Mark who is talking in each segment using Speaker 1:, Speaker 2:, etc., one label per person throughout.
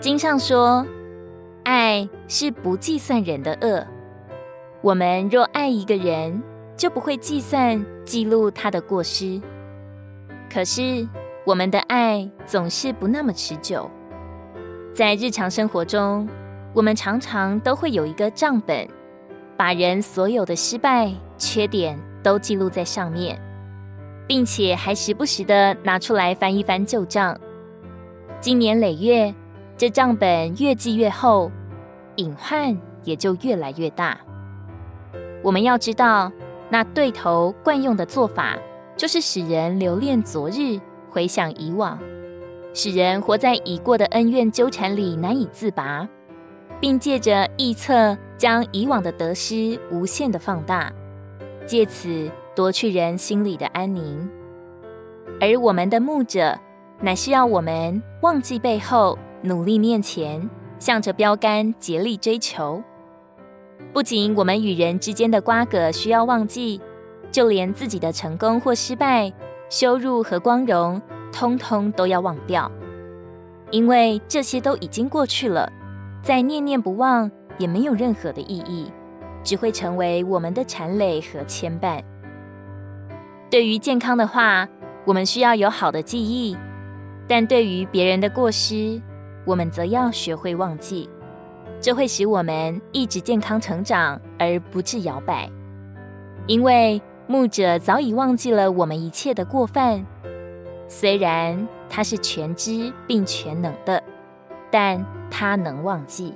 Speaker 1: 經上說，愛是不計算人的惡。我們若愛一個人，就不會計算記錄他的過失。可是我們的愛總是不那麼持久。在日常生活中，我們常常都會有一個賬本，把人所有的失敗、缺點都記錄在上面，並且還時不時地拿出來翻一翻舊賬。經年累月。這賬本越記越厚，隱患也就越來越大。我們要知道，那對頭慣用的做法，就是使人留戀昨日，回想以往，使人活在已過的恩怨糾纏裡難以自拔，並借着臆測將以往的得失無限的放大，借此奪去人心裡的安寧。而我們的牧者，乃是要我們忘記背後。努力面前，向着標杆竭力追求。不僅我們與人之間的瓜葛需要忘記，就連自己的成功或失敗、羞辱和光榮，通通都要忘掉，因為這些都已經過去了，再念念不忘也沒有任何的意義，只會成為我們的纏累和牽絆。對於健康的話，我們需要有好的記憶，但對於別人的過失，我們則要學會忘記，這會使我們一直健康成長，而不致搖擺。因為牧者早已忘記了我們一切的過犯，雖然他是全知並全能的，但他能忘記。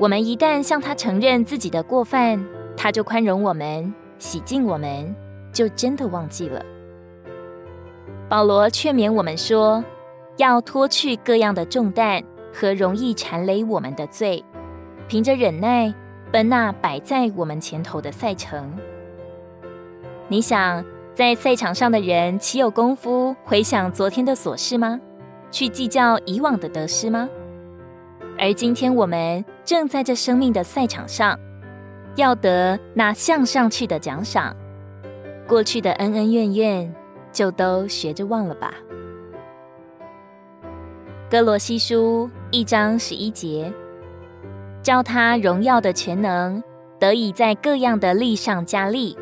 Speaker 1: 我們一旦向他承認自己的過犯，他就寬容我們，洗淨我們，就真的忘記了。保羅勸勉我們說。要脫去各樣的重擔和容易纏累我們的罪，憑着忍耐，奔那擺在我們前頭的賽程。你想，在賽場上的人豈有功夫回想昨天的瑣事嗎？去計較以往的得失嗎？而今天我們正在這生命的賽場上，要得那向上去的獎賞，過去的恩恩怨怨，就都學着忘了吧。歌羅西書一章十一節，照他榮耀的權能，得以在各樣的力上加力，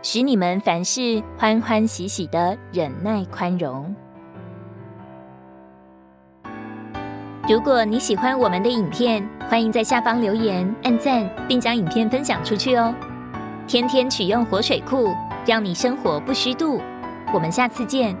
Speaker 1: 使你們凡事歡歡喜喜的忍耐寬容。如果你喜歡我們的影片，歡迎在下方留言、按讚，並將影片分享出去哦。天天取用活水庫，讓你生活不虛度。我們下次見。